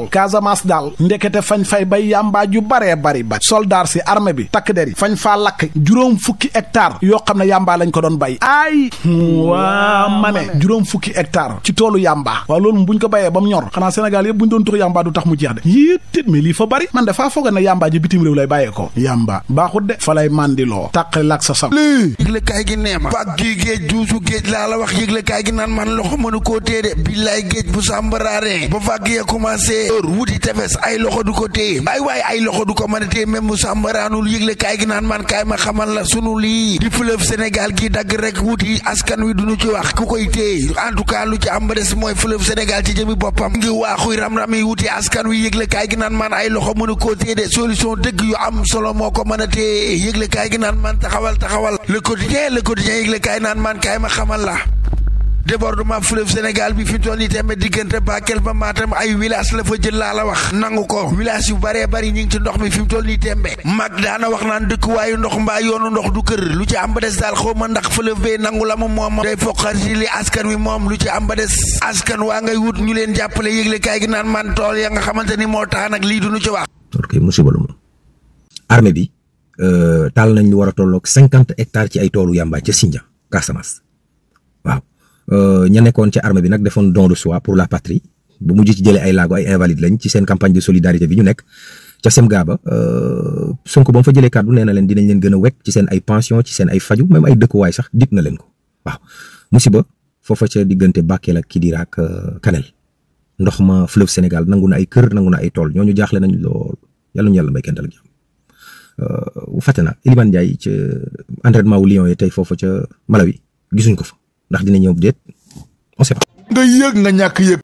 daal Casamance daal ndekete fañ fay bay yàmbaa ju baree bari bari soldaar si armée bi takk der yi fañ faa lakk juróom fukki hectare yoo xam ne yàmbaa lañ ko doon bay aay waa ma ne juróom fukki hectare ci toolu yàmbaa waaw loolu buñ ko bayee ba mu ñor xanaa Sénégal yëpp buñ doon tux yàmbaa du tax mu jeex de yittit mi lii fa bari man dafaa fooga ne yàmbaa ji bitim réew lay bàyyee ko yàmbaa baaxut de fa lay mandiloo tàqe lak sa sab lii yëgle kaay gi nee ma pàg gi géej duusu géej laa la wax yëgle kaay gi naan man heure wuti tefes ay loxo du ko téye baay waaye ay loxo du ko mën a téye même mu sàmbaraanul yëgle kaay gi naan man kaay ma xamal la sunu lii di fleuve Sénégal gi dagg rek wuti askan wi du duñu ci wax ku koy téye en tout cas lu ci am ba des mooy fleuve Sénégal ci jëmi boppam ngi waaxuy ram-ram yi wuti askan wi yëgle kaay gi naan man ay loxo mënu koo téye de solution dëgg yu am solo moo ko mën a téye yëgle kaay gi naan man taxawal taxawal le quotidien le naan man ma xamal la débordement fleuve Sénégal bi fi toll nii tamit diggante Bakel ba Matam ay village la fa jël laa la wax nangu ko village yu baree bari ñi ngi ci ndox mi fi mu toll nii tembe mag daana wax naan dëkkuwaayu ndox mbaa yoonu ndox du kër lu ci am ba des daal xaw ma ndax fleuve bee nangu la mu moom day foqar ci li askan wi moom lu ci am ba des askan waa ngay wut ñu leen jàppale yëgle kaay gi naan man tool ya nga xamante ni moo tax nag lii du ñu ci wax. ok musiba la moom armée bi euh, taal nañ lu war a tolloog cinquante hectares ci ay toolu yàmbaay ca Sindia Casamance Euh, ña nekkoon ci armée bi nag defoon don de soi pour la patrie bu mujj ci jëlee ay laago ay invalide lañ ci seen campagne de solidarité bi ñu nekk ca Semga ba euh, Sonko ba mu fa jëlee kàddu nee na leen dinañ leen gën a wekk ci seen ay pension ci seen ay faju même ay dëkkuwaay sax dip na leen ko waaw musiba foofa ca diggante Bakel ak Kidira ak euh, Kanel ndox ma fleuve Sénégal nangu na ay kër nangu na ay tool ñooñu jaaxle nañ lool yàlla ñu yàlla may kenn dal ak jàmm bu fàtte naa Iliman Ndiaye ca entraînement wu yi tey foofa ca Malawi gisuñ ko fa. ndax dina ñëw déet on sait nga yëg nga ñàkk yëg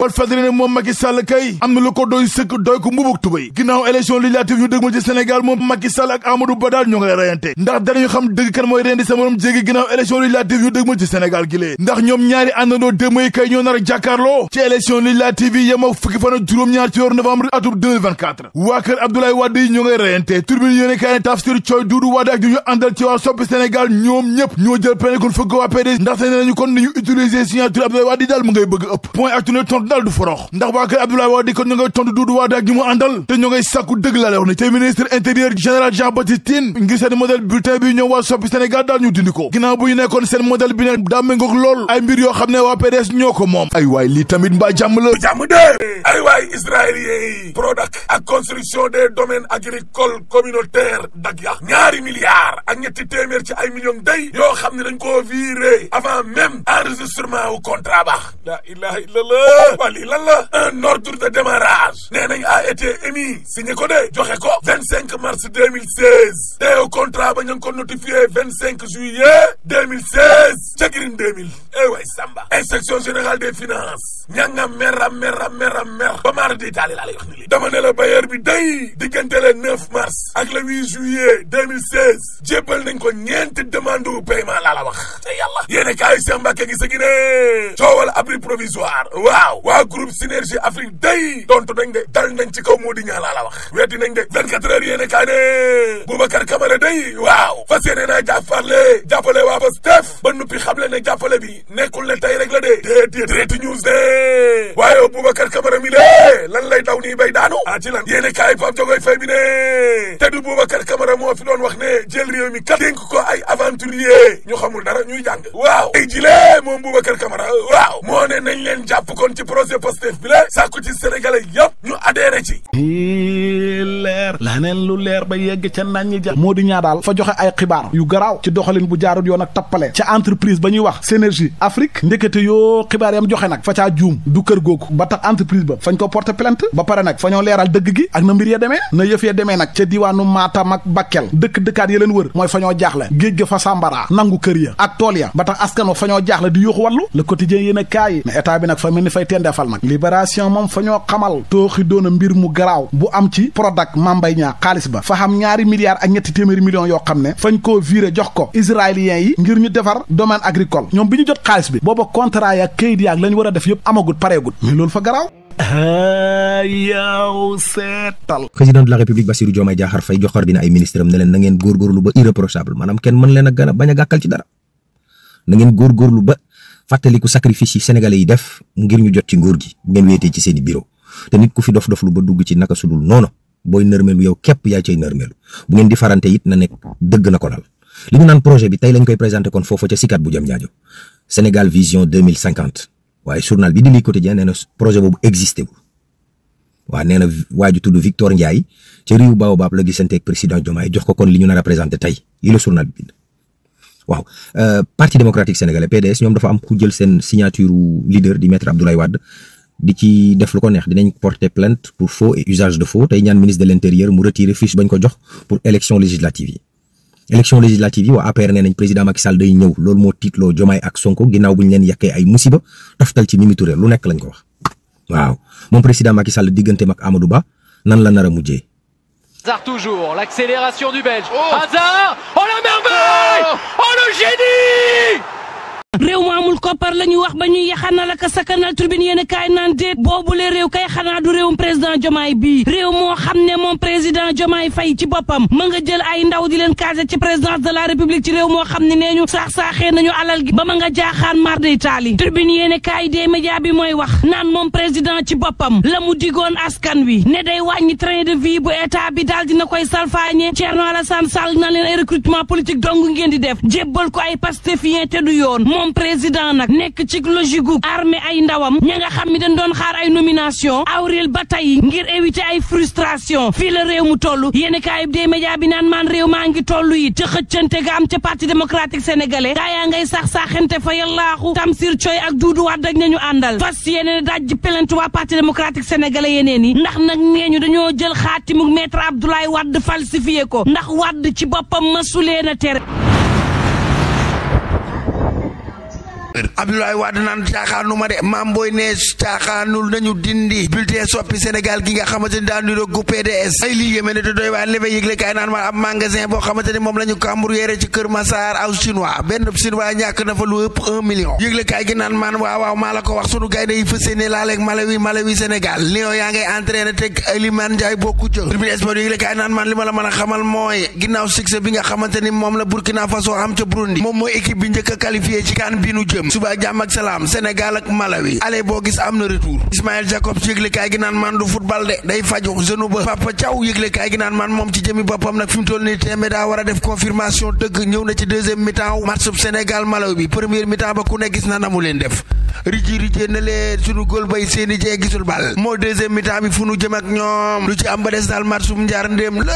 am na lu ko sëkk doy ko mbubuk tubay ginnaaw élection législative ñu dëgmal ci Sénégal moom Macky ak Amadou Ba daal ñoo ngay rayante ndax danañu xam dëgg kan mooy rendi sa morom jéegi ginnaaw élection législative ñu dëgmal ci Sénégal gi ndax ñoom ñaari àndandoo démb yi kay ñoo nar a ci élection législative yi yem ak fukki juróom-ñaar ci weeru novembre atum waa kër Abdoulaye Wade ñoo ngay rayante te ne nañu kon ni bëgg ëpp point ak tune tontu daal du forox ndax waa kër Abdoulaye Wade kon ñu ngay tontu Doudou Wade ak ñi mu àndal te ñu ngay sàkku dëgg la lew te ministre intérieur général Jean Baptiste ngir seen modèle bulletin bi ñëw waa soppi Sénégal daal ñu dindi ko ginnaaw bu ñu nekkoon seen modèle bi ne daa méngoog lool ay mbir yoo xam ne waa PDS ñoo ko moom ay waay lii tamit mbaa jàmm la ay waay israélien yi PRODAC ak construction des domaines agricoles communautaires dak ya ci ay millions day yoo xam ne dañ koo viré avant même enregistrement wu contrat baax ilaha illallah waa lii lan la un ordre de démarrage nee nañ a été émis signé ko de joxe ko vingt cinq mars 2016 te contrat ba ñu ngi ko notifié 25 juillet 2016 ca Green 2000 eh waay Samba inspection générale des finances ña nga mera mera mera mer ba maar di taali laa lay wax ni li dama ne la bailleur bi day diggante le 9 mars ak le 8 juillet 2016 jébbal nañ ko ñeenti demande wu paiement la wax te yàlla yéene kaay Cheikh Mbacké sa gi ne coowal abri provisoire waaw waa groupe Synergie Afrique day tontu nañ de dal nañ ci kaw moo di ñaa laa la wax weeti nañ de 24 heures yéene kaay ne Boubacar Camara day waaw fas yéene naa jàppale jàppale waa Pastef ba nuppi xamle ne jàppale bi nekkul ne tey rek la dee déedéet direct news de waaye Boubacar Camara mi lé lan lay daw nii bay daanu ah ci lan yéene kaay Pape bi ne te du Boubacar moo fi doon wax ne jël réew mi kat dénk ko ay aventurier ñu xamul dara ñuy jàng waaw ay jilee moom Boubacar Camara waaw moo ne nañ leen kon ci projet Pastef bi la sàkku ci sénégalais yëpp ñu adhéré ci mmh. leer laneen lu leer ba yegg ca naññi ja moo di ñaa daal fa joxe ay xibaar yu garaaw ci doxalin bu jaarut yoon ak tappale ca entreprise ba ñuy wax Synergie Afrique ndekete yoo xibaar yam joxe nag fa caa juum du kër googu ba tax entreprise ba fañ ko porter plainte ba pare nag fa ñoo leeral dëgg gi ak na mbir ya demee na yëf ya demee nag ca diiwaanu Matam ak Bakel dëkk dëkkaat ya leen wër mooy fa ñoo jaaxle géej ga fa sàmbaraa nangu kër ya ak tool ya ba tax askan wa fa ñoo jaaxle a kaay na état bi nag fa mel ni fay tendefal nag libération moom fa ñoo xamal tooxi Mame Mbaye xaalis ba fa xam ñaari milliards ak ñetti téeméeri million yoo xam ne fañ koo viré jox ko israéliens yi ngir ñu defar domaine agricole ñoom bi ñu jot xaalis bi booba contrat yaak kayit yaak la ñu war a def yëpp amagut pareegut mais loolu fa garaaw yaw seetal président de la république Bassirou Diomaye Diakhar Faye joxar dina ay ministre am ne leen na ngeen góorgóorlu ba irréprochable maanaam kenn mën leen a gën a bañ a gàkkal ci dara na ngeen góorgóorlu ba fàttaliku sacrifice yi sénégalais yi def ngir ñu jot ci nguur gi ngeen wéetee ci seen i bureau te nit fi dof dof ba dugg ci naka sudul noonu booy nërmeelu yow képp yaa cay nërmeelu bu ngeen di farante it na nekk dëgg na ko lal li ñu naan projet bi tey lañ koy présenté kon foofa ca Sicap bu jëm ñaajo Sénégal vision 2050 waaye journal bi di lii quotidien nee projet boobu existé wul waa nee na waa ju tudd Victor Ndiaye ca riw Baobab la gisante ak président Diomaye jox ko kon li ñu nar a présenté tey lii la journal bi bind waaw euh, parti démocratique sénégalais PDS ñoom dafa am ku jël seen signature leader di maître Abdoulaye Wade di ci def lu ko neex dinañ porter plainte pour faux et usage de faux tey ñaan ministre de l'intérieur mu retirer fiche bañ ko jox pour élection législative yi élection législative yi waa APR nee président Macky day ñëw loolu moo tiitloo Diomaye ak Sonko ginnaaw bu leen yàkkee ay musiba taftal ci Mimi lu nekk lañ ko wax waaw moom président Macky Sall digganteem ak nan la nar a mujjee. ko koppar la ñu wax ba ñuy yaxanal ak sakanal tribune yéen a kaay naan déet boobu le réew kay xanaa du réewum président Diomaye bii réew moo xam ne moom président Diomaye fay ci boppam ma nga jël ay ndaw di leen casé ci présidence de la république ci réew moo xam ne nee ñu saax saaxee nañu alal gi ba ma nga jaaxaan mar de taali tribune yéen a kaay des bi mooy wax naan moom président ci boppam la mu digoon askan wi ne day wàññi train de vie bu état bi daal dina koy salfaañe Thierno Alassane Sall na leen ay recrutement politique dong ngeen di def jébbal ko ay pastefien te du président nag nekk ci logique gu armée ay ndawam ña nga xam ni dañ doon xaar ay nomination awril ba tey ngir éviter ay frustration fii la réew mu toll yéeni kaa yib dee média bi naan maan réew maa ngi toll yi ca xëccante ga am ca parti démocratique sénégalais gaa yaa ngay sax saaxante fa yallaaxu Tamsir Coy ak Doudou Wade ak ñañu àndal fas yéene dajj pelent waa parti démocratique sénégalais yeneen yi ndax nag nee ñu dañoo jël xaatimuk maître Abdoulaye Wade falsifié ko ndax Wade ci boppam masulee na tere kër Abdoulaye Wade naan caaxaanu ma de maam booy ne caaxaanul nañu dindi bulletin soppi Sénégal gi nga xamante ni daan di roggu PDS ay lii yéeme ne te doy waa lebe yëgle kaay naan ma ab magasin boo xamante ni moom la ñu kàmbur yére ci kër Massar aw chinois benn maan waaw waaw maa la ko wax sunu gaynde yi fas yéene laaleeg Malawi Malawi Sénégal Lion yaa ngay entraîné teg Eliman Ndiaye bokku ca tribune naan maan li mën a xamal mooy ginnaaw succès bi nga xamante moom la Burkina Faso am ca Burundi moom mooy équipe bi njëkk a jëm suba jàmm ak salaam Sénégal ak Malawi ale boo gis am na retour Ismaël Jacobs yëglekaay gi naan man du football de day faju genou ba Papa Thiaw yëglekaay gi naan man moom ci jëmi boppam nag fi mu toll ni téeméer daa war a def confirmation tëgg ñëw na ci deuxième mi-temps match Sénégal Malawi bi première mi-temps ba ku ne gis na na mu leen def riji rije na lee sunu góol bay seeni jee gisul bal moo deuxième mi-temps bi fu nu jëm ak ñoom lu ci am ba des daal marsum njaar la.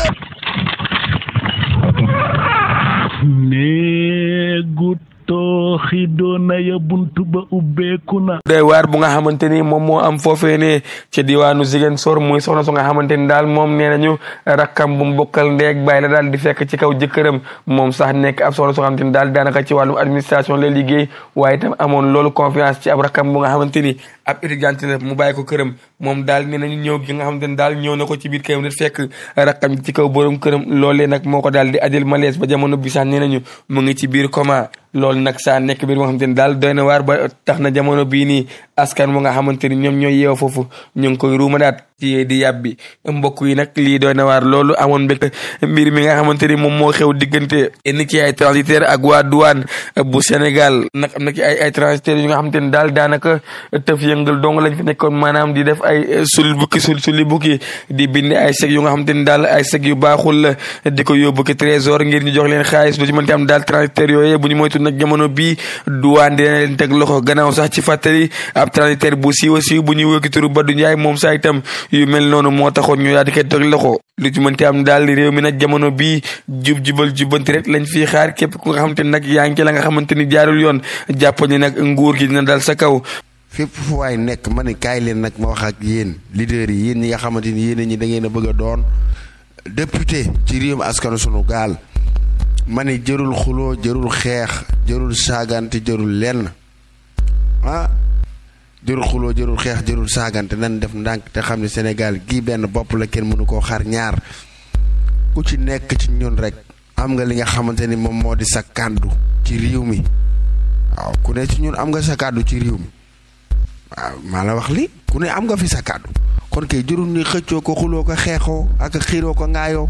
tooxi doona ya buntu ba ubbeeku na doy waar bu nga xamante ni moom moo am foofee ne ci diwaanu sor muy soxna su nga xamante ni daal moom nee nañu rakkam bu mu bokkal ndeeg bàyyi la daal di fekk ci kaw jëkkëram moom sax nekk ab soxna su nga xamante ni daal daanaka ci wàllum administration lay liggéey waaye itam amoon loolu confiance ci am rakkam bu nga xamante ni ab étudiante la mu bàyyi ko këram moom daal nee nañu gi nga xam ne daal ñëw na ko ci biir këram di fekk rakkam ci kaw borom këram loolee nag moo ko daal di ajal malaise ba jamono bi sax nee nañu mu ngi ci biir coma loolu nag saa nekk biir moo xamante ni daal doy na waar ba tax na jamono bii nii askan mu nga xamante ñoom ñooy yeewa foofu ñu ngi koy ruuma daat ci di yàbbi mbokk yi nag lii doy na waar loolu amoon mbégte mbir mi nga xamante ni moom moo xew diggante yenn ki ay transitaire ak waa douane bu Sénégal nag am na ci ay ay transitaire yu nga xamante ni daal daanaka tëf yëngal dong lañ nekkoon maanaam di def ay sul bukki sul suli bukki di bind ay chèques yu nga xamante ni daal ay chèques yu baaxul la di ko yóbbu ki trésor ngir ñu jox leen xaalis lu ci mënti am daal transitaire yooyee bu ñu moytu nag jamono bii douane dina leen teg loxo gannaaw sax ci fàttali ab transitaire bu siiwa siiw bu ñuy wëkki turu Badou Ndiaye moom sax itam yu mel noonu moo taxoon ñu daal di koy teg loxo lu ci mënti am daal réew mi na jamono bii jub jubal jubanti rek lañ fi xaar képp ku nga xamante ni nag yaa ngi la nga xamante ni jaarul yoon jàpp nag nguur gi dina daal sa kaw. fépp fu waay nekk ma ne kaay leen nag ma wax ak yéen leader yi yéen ñi nga xamante ni yéen a ñi da ngeen a bëgg a doon député ci réewum askanu sunu gaal ma ne jërul xuloo jërul xeex jërul saagante jërul lenn ah, jërul xuloo jërul xeex jërul saagante nan def ndànk te xam ne Sénégal gii benn bopp la kenn mënu koo xar ñaar ku ci nekk ci ñun rek am nga li nga xamante ni moom moo di sa kàddu ci réew mi waaw ku ne ci ñun am nga sa kàddu ci réew mi waaw maa la wax li ku ne am nga fi sa kàddu kon kay jërul ni xëccoo ko xuloo ko xeexoo ak xiiroo ko ngaayoo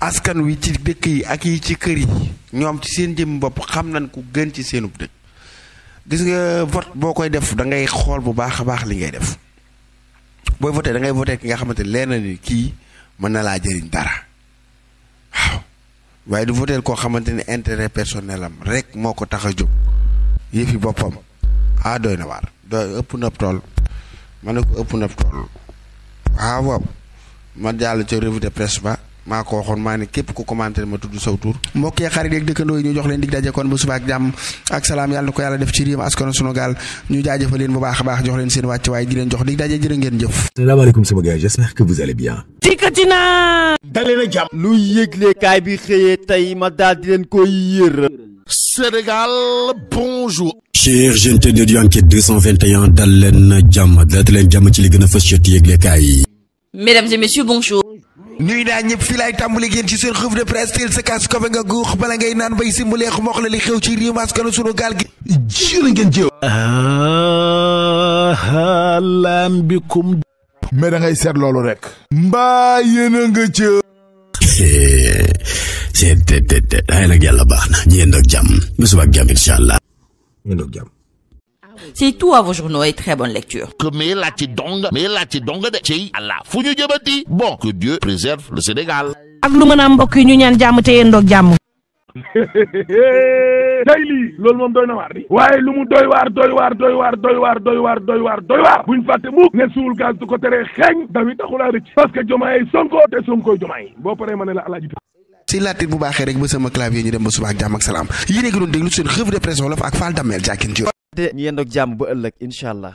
askan wi ci dëkk yi ak yi ci kër yi ñoom ci seen jëm bopp xam nañ ku gën ci seenub dëkk gis nga vote boo koy def da ngay xool bu baax a baax li ngay def booy voté dangay ngay ki nga xamante ne leer na ni kii mën na laa jëriñ dara waaw waaye du voté koo xamante ne intérêt personnel am rek moo ko tax a jóg yëfi boppam ah doy na waar doy ëpp nëpp tool ma ne ko ëpp na tool waaw ah, waaw ma jàll ca revue de presse ba. maa ko waxoon maa ne képp ku commenté ma tudd saw tur mbokk yi xarit yeeg dëkkandoo yi ñu jox leen dig daje kon bu subaak jàmm ak salaam yàlla na ko yàlla def ci riim askanu sunu gaal ñu jaajëfal leen bu baax a baax jox leen seen wàcc waaye di leen jox dig daje jërë ngeen jëf salaamaaleykum sama gars j'espère que vous allez bien dikkati naa dalee na jàmm lu yëglekaay bi xëyee tey ma daal di leen koy yër Sénégal bonjour cher gente de Enquête 221 dal gën a fës ci yëglekaay yi mesdames et ñuy naa ñëpp fi laay tàmbali génn ci seen revue de presse teel sa kaas kofe nga guux bala ngay naan bay si mu leex xew ci réew mi sunu gaal gi jërë ngeen jëw ah, ah, laan bikum mais da ngay seet loolu rek mbaa yéen a nga ca eh, seet te te te nag yàlla baax na ñu yéen ak jàmm bu subaak jàmm incha allah ñu C'est tout à vos journaux très bonne lecture. Que mais la tidong, mais la tidong de Tchéi Allah. Founou Djabati. Bon, que Dieu préserve le Sénégal. ak lu mën a mbokk yi ñu ñaan jàmm te yéen doog jàmm. tey lii loolu moom doy na waar di waaye lu mu doy waar doy waar doy waar doy waar doy waar doy waar doy waar buñ fàtte mukk ne suul gaz du ko teree xeeñ dawi taxulaa rëcc parce que jomaay sonko te sonkoy jomaay boo paree ma ne la alaaji si laatit bu baaxee rek ba sama clavier ñu dem ba te ñu yendoog jàmm ba ëllëg incha allah